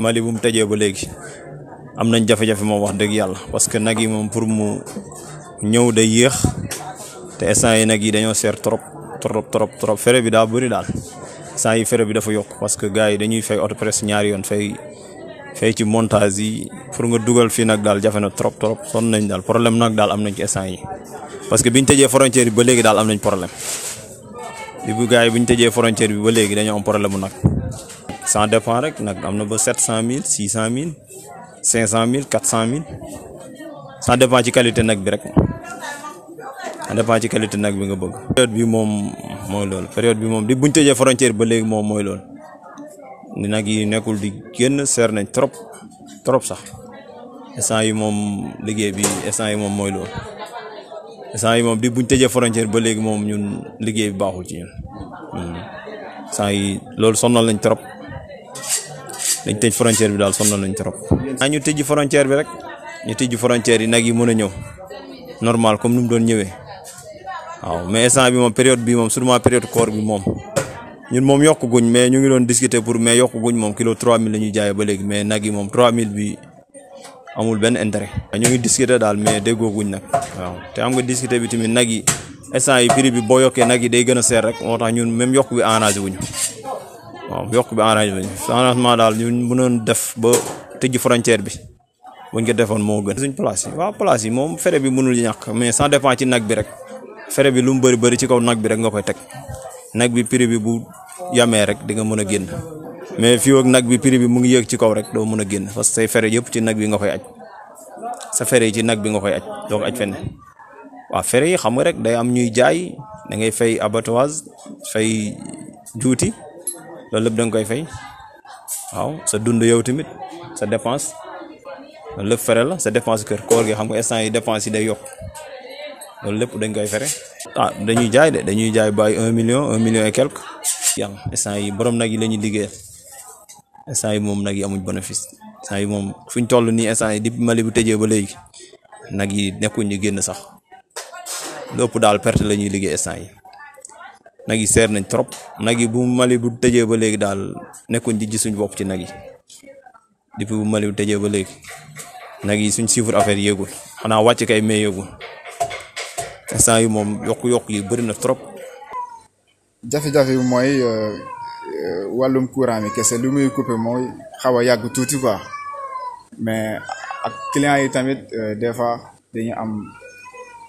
Mali bu mu tëjee ba léegi am nañ jafe-jafe moom wax dëgg yàlla parce que nag yi moom pour mu ñëw day yéex te instant yi nag yi dañoo seer trop trop trop trop fere bi daa bëri daal instant yi fere bi dafa yokk parce que gars yi dañuy fay oto presse ñaari yoon fay fey ci montage yi pour nga dugal fii nag daal jafe na trop trop sonn nañ daal problème nag daal am nañ ci instant yi parce que biñ tëjee frontière bi ba léegi daal am nañ problème bi bu gars yi biñ tëjee bi ba léegi dañoo am problème mu nag. cent dépend rek nak am na ba sept cent mille six cent mille cinq cent mille quatre cent mille ça dépend ci qualité nag bi rek ça dépend ci qualité nag bi nga bëgg période bi moom mooy loolu période bi moom di buñ tëjee frontière ba léegi mom mooy loolu di nag yi nekkul di génn seer nañ trop trop sax instant yi moom liggéey bi instant yi mom mooy loolu instant yi moom di buñ tëjee frontière ba léegi mom ñun liggéey bi baaxul ci ñun hmm. instant yi sonnal nañ trop dañ tëj frontière bi daal sonal nañ trop. ah ñu tëjji frontière bi rek ñu tëjji frontière yi nag yi mën a ñëw normal comme ni mu doon ñëwee waaw mais instant bi moom période bi moom sûrement période koor bi moom ñun moom yokk guñ mais ñu ngi doon discuter pour mais yokk guñ moom kilo 3000 la ñuy jaayee ba léegi mais nag yi moom 3000 bi amul benn intérêt. ñu ngi discuter daal mais déggoo guñ nag waaw te am nga discuter bi tamit nag yi instant yi prix bi boo yokkee nag yi day gën a seer rek tax ñun même yokk bi arrangé wuñu waaw yokk bi arrangé nañu changement daal ñu mënoon def ba tëj frontière bi buñ ko defoon moo gën suñ place yi waaw yi moom fere bi mënul ñàkk mais ça dépend ci nag bi rek fere bi lu mu bëri bëri ci kaw nag bi rek nga koy teg nag bi prix bi bu yamee rek di nga mën a génn mais fii nag bi prix bi mu ngi yéeg ci kaw rek doo mën a génn parce que say fere yëpp ci nag bi nga koy sa fere yi ci nag bi nga koy aj doo ko aj waaw fere yi xam nga rek day am ñuy jaay da ngay fay abattoir fay juuti loolu lépp da nga koy fay waaw sa dund yow tamit sa dépense loolu lépp fere la sa dépense kër koor gi xam nga instant yi dépense yi day yokk loolu lépp dañ koy fere ah, dañuy jaay dañuy jaay bàyyi un million un million et quelque yàlla instant yi borom nag yi lañuy liggéey liggéeyal yi moom nag yi amuñ bénéfice instant yi moom fuñ toll nii instant yi depuis Mali bu tëjee ba léegi nag yi nekkuñ ñu génn sax lépp daal perte la ñuy liggéey instant yi nag yi seer nañ trop nag yi bu Mali bu tëjee ba léegi daal nekkuñ di gis suñu bopp ci nag yi depuis bu Mali bu tëjee ba léegi nag yi suñ chiffre affaire yéegul xanaa wàcc kay mais yéegul instant yi moom yokk-yokk yi bëri na trop. jafe-jafe bi mooy euh, euh, wàllum courant bi kese lu muy coupé mooy xaw a yàgg tuuti quoi mais ak clients yi tamit euh, des fois dañu am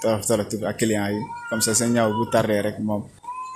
tolof tolof ak clients yi comme ça sa ñaaw bu tardé rek moom.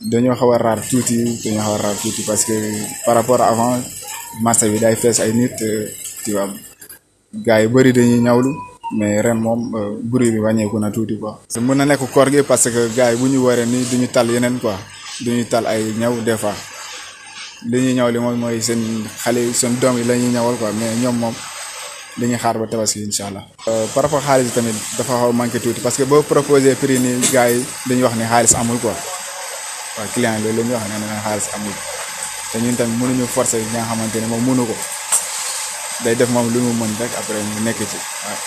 dañoo xaw a raar tuuti dañoo xaw a raar parce que par rapport à avant marché bi day fees ay nit euh, tu vois gars yu bëri dañuy ñawlu mais ren moom euh, bruit bi wàññeeku na tuuti quoi. mën na nekk koor gi parce que gars yi bu ñu waree nii duñu tal yeneen quoi duñu tal ay ñaw des fois li ñuy ñaw li moom mooy seen xale seen doom yi la ñuy ñawal quoi mais ñoom moom dañuy xaar ba tabaski incha allah. Euh, par rapport xaalis tamit dafa xaw manqué tuuti parce que boo proposé prix nii gars yi dañuy wax ni xaalis amul quoi. waaw client yi loolu la wax na na xaalis amul te ñu tamit mënuñu forcer yi nga xamante ne moom mënu ko day def moom lu mu mën rek après ñu nekk ci waaw